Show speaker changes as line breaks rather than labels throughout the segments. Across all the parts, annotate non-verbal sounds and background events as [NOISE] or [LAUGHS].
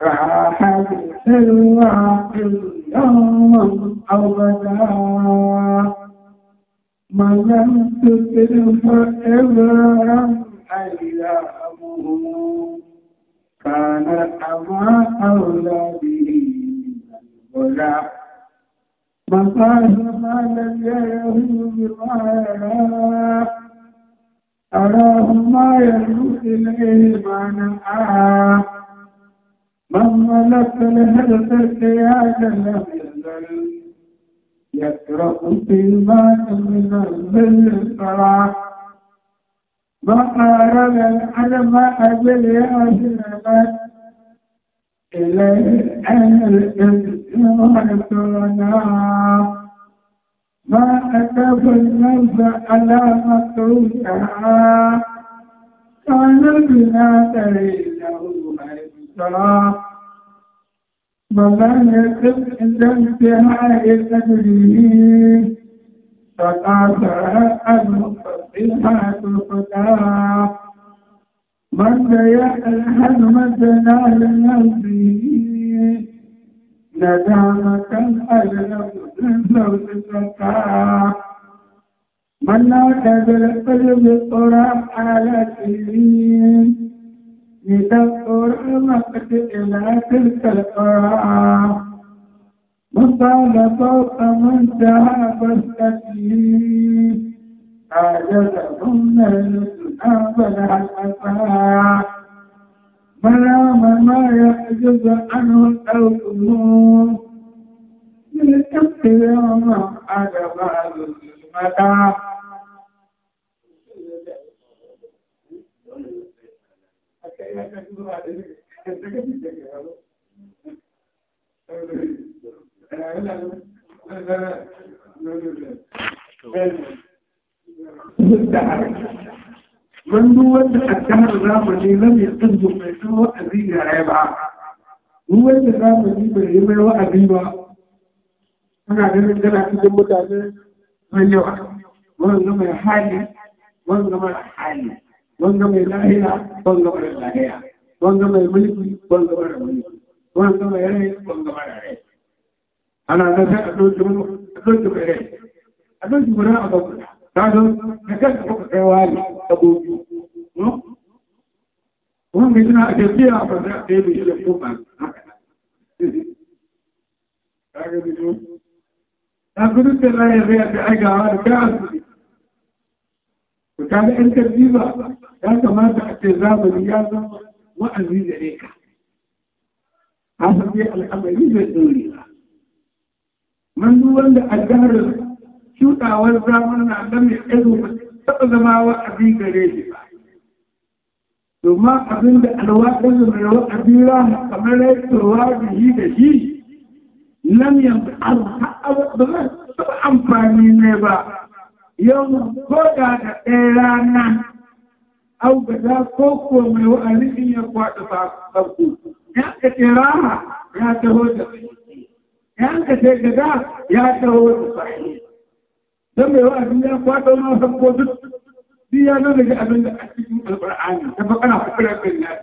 فحد الواقي يوم أبدا ما لم تتل فإبرا أيامه كان أما أولاده الغلا مصاحب لم يره بغيرا أراه ما يلوح إليه ما نعاه من لك لهدفك يا جل الذل يكره سلمات من الذل صلاح بحر العلم بالياسرات إليه الإنسان تغنى ما أتى النفس على مكروهها كان بنا تريده الصلاح ومن يقف عند انتهاء تدريه فتعفى المصبحات الخداع من ضيع الهم تنال نفسه ندامة الألم للموت تقع من لا تدري قلب تدرك على حالته إذا أرمت إلى تلك القرى وقال فوق من ذهب السبيل أعجبهن الأب الحسنى ما يحجز عنه الأوهام للكف يوم على بعض المتاع من هو الدهر الرامني لم يقصد من هو أبي عيبا هو من يمي وأبيبا أنا أعلم أن أنا أكيد من يوم وأنا ما حالي وأنا ما حالي wanda mai lahira ɓangaren lahira wanda mai mulki ɓangaren mulki wanda mai rai ɓangaren rai ana da sai a ɗauki mai rai a ɗauki guda a bakuta ta zo da kanka kuka kai wani aboki wanda suna a tafiya a fasa a ɗaya mai shi ko ba ta gudu da lahira zai a ta aigawa da ta asibiti. Ku ta da ‘yan tarbiba ya kamata a ce zamani ya zama wa'azi gare ka hasabi al'amari zai dore ba man duk wanda a garin shuɗawar zamana na mai ɗago ba taɓa zama wa'azi gare shi ba domin abin da alwaɗin da mai wa'azi rana kamar raituwa da shi da shi nan yanzu an haɓa ba taɓa amfani ne ba yau ko da da ɗaya rana او بدا کوکو میں وہ انہی یا کوٹ صاحب سب يا یا کہ تیرا يا کہ ہو جا یا کہ تے گدا یا کہ ہو صحیح دم وہ انہی یا کوٹ نو سب کو دت دیا نو لے ابن القران تفقنا فكره بالله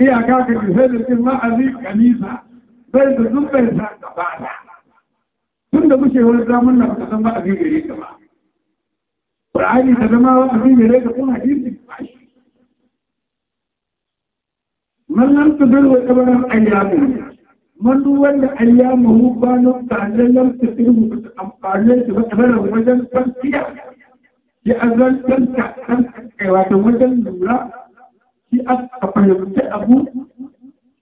هي كاك بهذا الماء ذي كنيسه بل بذنب الانسان تبعها tunda muke wani zamun nan ka san ba a gare ka ba Qur'ani da zama wa a gare ka kuma hadisi من لم تدر وكبر أيامه من ولد أيامه بان تعلل لم تدره أمقالات وكبر وجل تنسيا لأزل تنسى تنسى وجل لولا في أفهم تأبو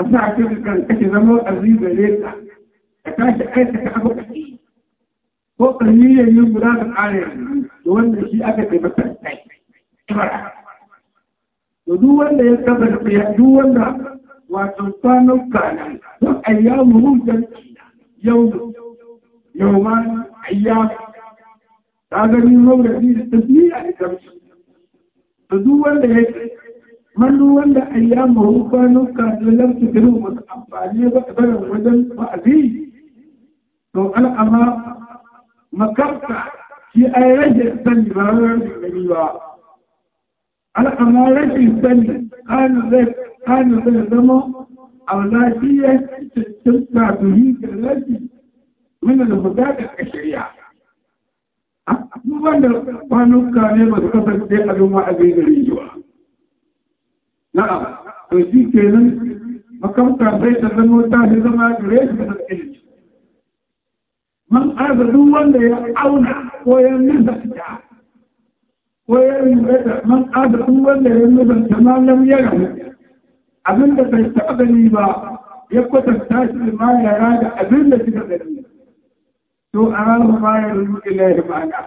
أسعى كيف كان كتزمو أزيز ليسا أتاشى آيسك أبو كتير وقليل يوم راس العالم وأن شيء أكثر بس to duk wanda ya kasance ya duk wanda wato kwanuka na duk ayyamu hujjar yau yau ma ayyamu ta gani mauradi da tafiya a kamshi to duk wanda ya ce man duk wanda ayyamu hu kwanuka da lamsu kiru masu amfani ba a barin wajen wa'azi to al'ama makarta shi ai rage sani ba rage gani ba amma rashin sani an zai zama a lafiyar cikin kafiri da rashi muna da bukatar a shirya. Abubuwan da kwanuka ne ba su kasance a zama a zai gari yiwa. Na'am, to shi ke nan makamta sai ta zama ta shi zama da rashin da ilimi. Man arza duk wanda ya auna ko ya nisa ta وينبدأ من قاد أول ينبدأ كمان لم يره أبن ده تستقبلي با يبقى تستاشر ما يراد أبن ده تستقبلي to a ranar bayan rubuta laifin ma'ana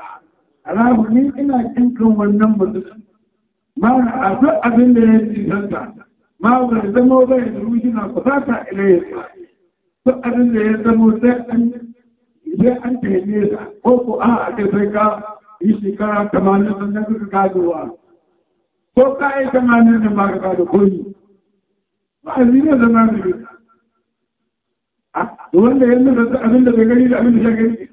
a ranar ni ina cinkan wannan mutum ma a duk abin da ya cinta ma ba zama ba ya rubuta na kusata ilayin ba duk abin da ya zama sai an sai an taimesa ko ko a a kai sai ka yi shekara tamanin na suka kadowa ko ka yi tamanin da ba ka kado koyi ba a zina zama da yi da wanda yanzu da abin da bai gani da abin da ya gani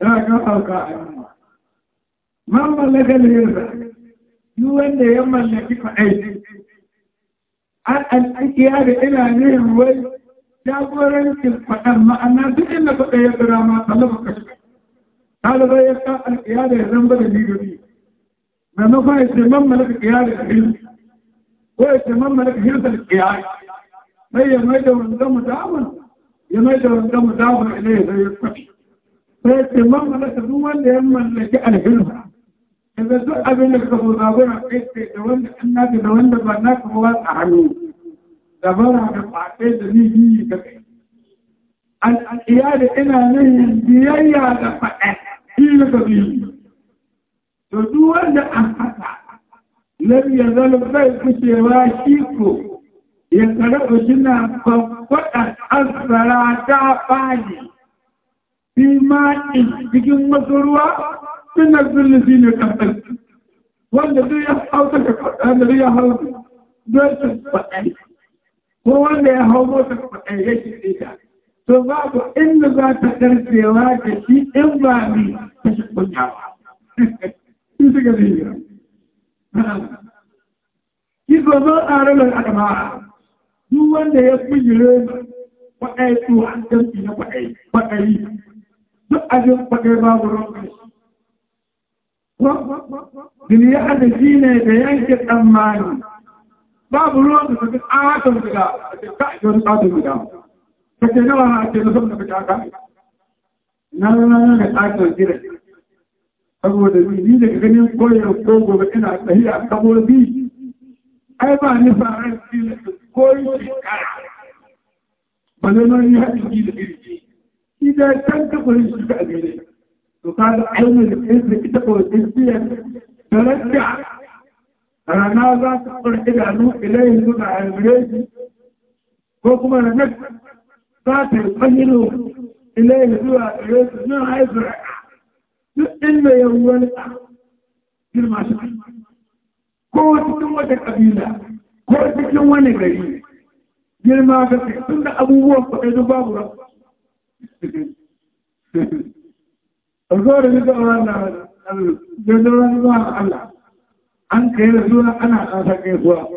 yana kan hauka a yi ma mallaka ne yanzu yi wanda ya mallaki fa'ai an al'akiya da ina ne wai jagorancin faɗan ma'ana duk inda faɗa ya tsira ma tallafa kashe هذا لا يقع القيادة الرمضة للميدوني ما نفع يتمم لك قيادة الحلم ويتمم لك حلم القيادة ما يميد وانضم دعما يميد وانضم دعما إليه زي الفقه فيتمم لك هو اللي يملك الحلم إذا دق بينك تفوضابنا قيت تولى أنك تولى بناك فوات أحمد دبرها بقعتين دليل كبير القيادة إنا نهي بيايا لفقه لم يزال بيك شواشيكو يقرأ شنا فقط الصلاة فاني في ماء تكون مصروة تنزل لسين يتنزل والذي يحاول تكفر الذي يحاول دوت فاني هو اللي يحاول تكفر ايش اذا فبعض إن ذات ترسيوا كشيء إمامي تشكل نعوة [LAUGHS] إيش كذي Izo zo a ranar alama'a, duk wanda ya fi yire kwaɗai tsohon jamfi na kwaɗai, kwaɗai, duk ajin kwaɗai babu ranka shi. Duniya da shi ne da yanke tsammani, babu ruwan da suka ƙaton gida, a ce ka ake wani ƙaton gida, ka ce nawa na ake na saboda fita ka. Na rana na ƙaton gida, saboda ni daga ganin koyar ko gobe ina tsahiya a kabo biyu أيضا نفع رسل كل شكرا ولما يهدي الإرجي إذا تنتقل الشكاء إليه وقال عين الإرجي تقوى الإرجي ترجع أنا لا تقول إلى نوح إليه نوح عمريجي وكما نفس ذات القيل إليه نوح عمريجي نوح عمريجي إلا يوم ولد كل ما شكرا ko cikin wata kabila ko cikin wani gari girma ga tun da abubuwan kwaɗe duk babu ran a zo da nika a wannan jirgin zuwa Allah an kai da suna ana ƙasa kai suwa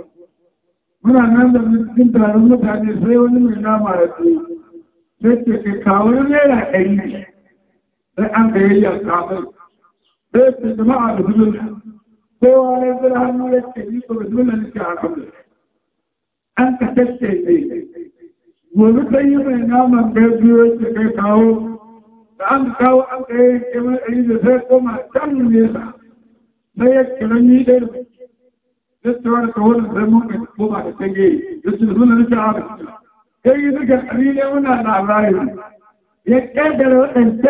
muna nan da cikin taron mutane sai wani mai nama da su sai ce ke kawo naira ɗari sai an kai yanka sai ce jama'a da su سوى يقول هم يستهلك بدون الاستعراض أنت تستهلك وبتطيب نعم بيبيو يتكاو أنت كاو أنت إيه كمان إيه أريد فيكم كم ليسا ما يكلمني ده لسوار كون زمون كتبوا تجي يسلون الاستعراض كي يذكر قليلا ونا نعرايم يكادر أنت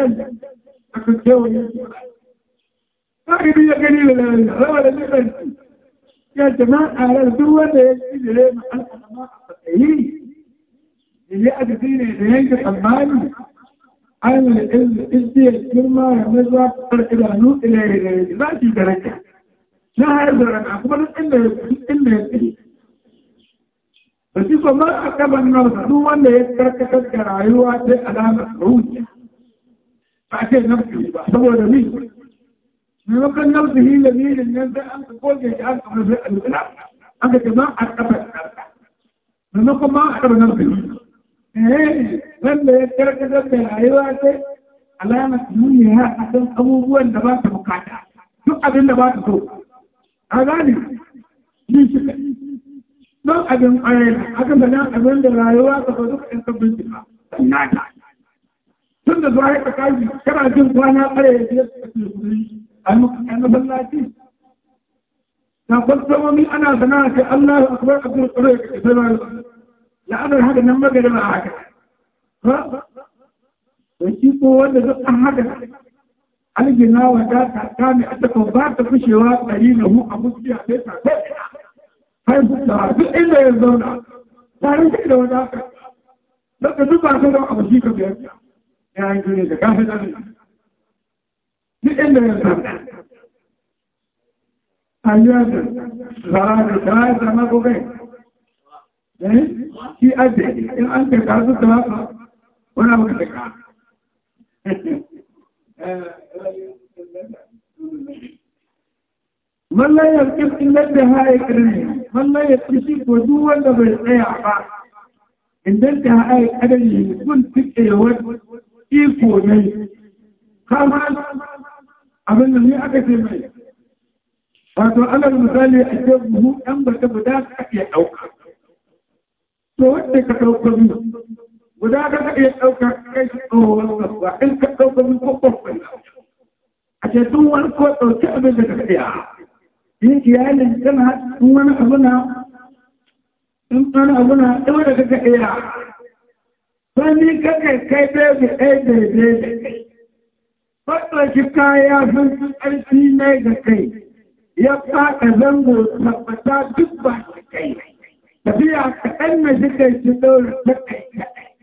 تكتبوا قائمية قليلة هذا اللي يا جماعة الدول يجب إليه محل أمام الصحيحين اللي أدفين إليه حمالي أنا الإزدي الكلمة يمزع الإدانو إليه ذاتي درجة لا هذا أن أخبر إلا إلا بس ما أكبر النظر هو يترك تذكر عيوات على مسعودية فأتي نفسي بحسبه لمين maimakon nauzihi da mirin nan sai an ka goge shi an kamar sai alƙula an ka jama a ƙafa ƙarƙa maimakon ma a ƙafa nauzihi eh wanda ya karkatar da rayuwa sai alama duniya a kan abubuwan da ba ta bukata duk abin da ba ta so a gane shi shi don abin ayyana akan da nan abin da rayuwa ka so duka in ka bincika na ta tun da zuwa ya ka kaji kana jin kwana tsaye da ya ka المسلاتي تقدم من أنا بناتي الله أكبر عبد الطريق لأنا هذا نما قد معك ها وشيكو ولا زق هذا على جناوة ذات كان أتكم بات بشواء قليله أبوكي عليك هاي بطلع إلا يزونا لكن إلا وذاك لك زبا سنة أبوشيك بيك يعني كنت كافي أيضا زرار الزرار زمان قبين في أجل إن أنت تعرف الثلاثة ولا بكتك من لا يذكر إلا بها إكرمه من لا يكتشف وجوه إلا بالإعفاء إن انتهى آية أدنيه كنت تكتشف إيكو نيس كمان abin da ne aka ce mai wato alal misali a ce buhu ɗan bata guda ka iya ɗauka to wanda ka ɗauka biyu guda ka ka iya ɗauka kai shi tsohon kasuwa in ka ɗauka biyu ko ƙofar a ce tun wani ko ɗauki abin da ka iya yin iyalin tana tun wani abu na in wani abu na ɗaura ka ka iya sani kakai kai bai bai daidai faɗashi kaya sun fi ƙarfi ne da kai, ya faɗa zango tabbata duk ba da kai, tafiya kaɗan na shi kai shi ɗora ta kai kaɗai.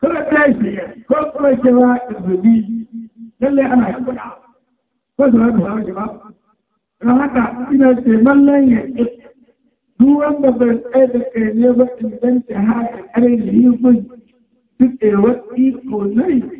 Kuma ta shi ko kuma shi ba da zubi, lallai ana yi kuɗa, ko su wani ba shi ba. Don haka ina ce mallan ya ƙi, duk wanda ban tsaye da kai ne ba in zanta haka ƙarin yi kun duk ɗaya wasu iko nai.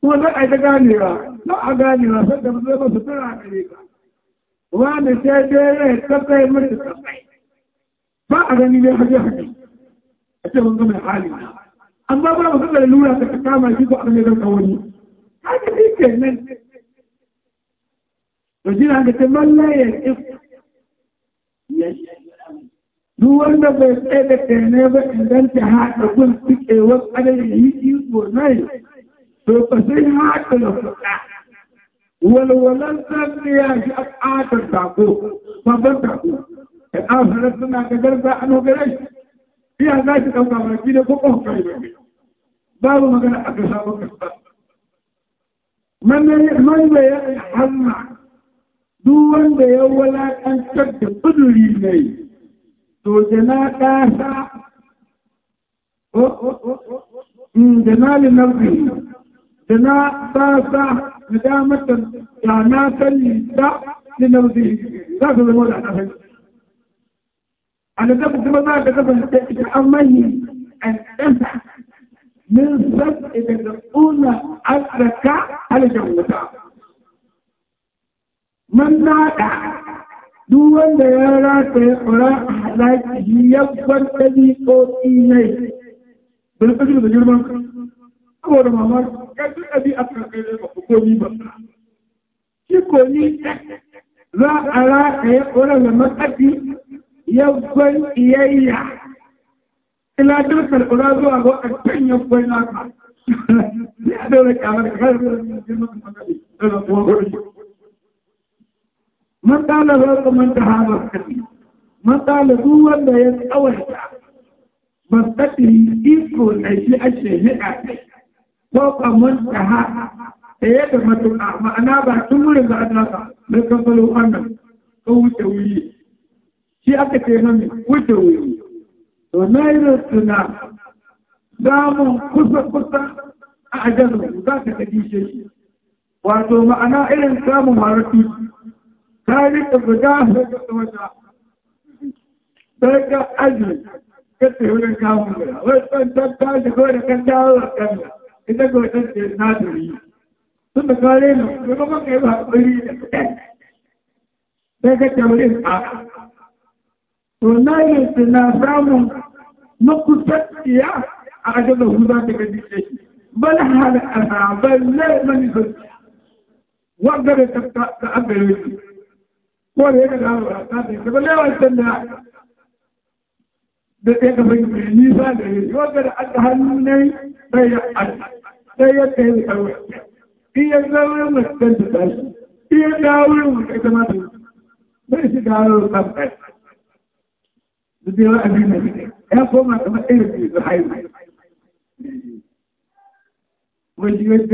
kuma za a yi ta ganewa za a ganewa sai da zai masu tana a gare ka wani sai dai rai tsakai mace tsakai ba a gani ne haje haje a ce mun ga mai hali amma ba mu sanar lura ta kama shi ko a ne zaka wani haka ne ke nan to jira da ta mallaye duk wanda bai tsaye da kai ne ba inganta haɗa gun tsike wasu adadin yi iko nai to ba sai haka na faɗa walwalan zan ne ya shi a ƙatar tako babban tako da ƙafarar suna ga garza a nogare shi iya za shi ɗauka baki ne ko ƙofar baki babu magana a gasa ba gasa man da ya hanna duk wanda ya walaƙantar da buduri ne to jana ƙasa da na linarbi دنا ساسا ندامة دعناتا لنساء لنرضيه ذاك المولى حفظ أنا دفت ماذا كتبت أمي أن أنفع من سب إذا تقول أدرك على جوتا من نادع دون ديارة تقرأ حلاك هي يبقى تدي قوتيني بالفجر بجرمان saboda mamar ƙarfin ɗabi'atar kai ba ku komi ba shi komi za a rataye waɗanda matsafi yabban iyayya ilatar karɓura zuwa ga waɗancan yabban naka ne a daura kyamar karfin jirgin matsafi da na kuma gurbi man ɗala za su manta haɓar kaɗi man ɗala duk wanda ya tsawaita matsafi iko na shi ake hiɗa kai فوق منتهى يدمة الأعمى أنا بعتمر بأنها من قبل أنا أو توي شيء أكثر مني وتوي وما يرسلنا دام قصة قصة أعجبه ذاك تجي شيء wato ma'ana irin samun haratu ta rika guda da wata sai ga aji ka tsibirin kamun guda wasu ɗan tattashi kawai da kan dawo a kan ita ga wata ce na turi sun da kare mu da kuma kai ba hakuri da kuɗin sai ka taurin a to na yi su na samun makusaciya a ajiyar da hu za ta gaji ce bala hada a saban laimani sun wanda da ta agare su ko da yake da ba ta ce ta bala wancan da da ɗaya ga bai nisa da yi wanda da aka hannun bai yi لا يدعي الحوح هي الزاوية مستنبتة هي الداوية مستنبتة ليس داوية مستنبتة بدي رأي من النبي يقوم أتمئل في الحيوة وجدت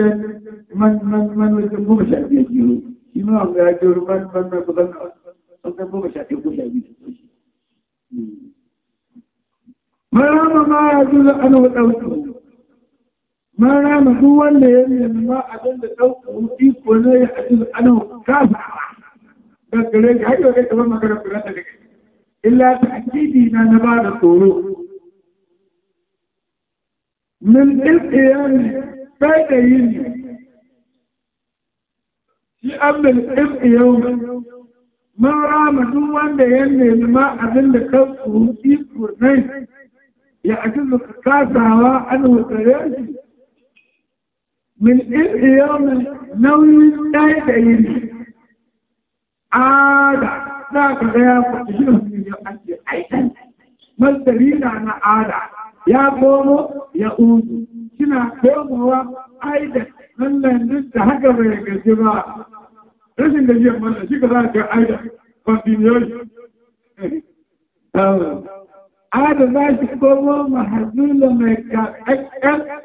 من من من مغشى بيجيه إمام لا يجور من من من بغن أصلا مغشى يغشى بيجيه ما ما يجوز أنه الأوتوه ma rama duk wanda ya nema abin da ɗaukar iko ne ya haɗu ana kasa da gare ka hanyar kai kamar magana kula da kai illa ta akidi na na ba da tsoro min ɗin bai da yin shi an min ɗin yau ma rama duk wanda ya nema abin da ɗaukar iko ne ya haɗu kasawa an wutsare shi من اليوم نوي لا يدين عادة ذاك لا يفتحون من يؤدي أيضا ما الدليل على عادة يا قوم يقود شنا قوم هو أيضا من لا ننسى هكذا يجزبا ليش الذي يقول شك ذاك أيضا فانتينيوش عادة ذاك قوم محزول لما يكاد أكثر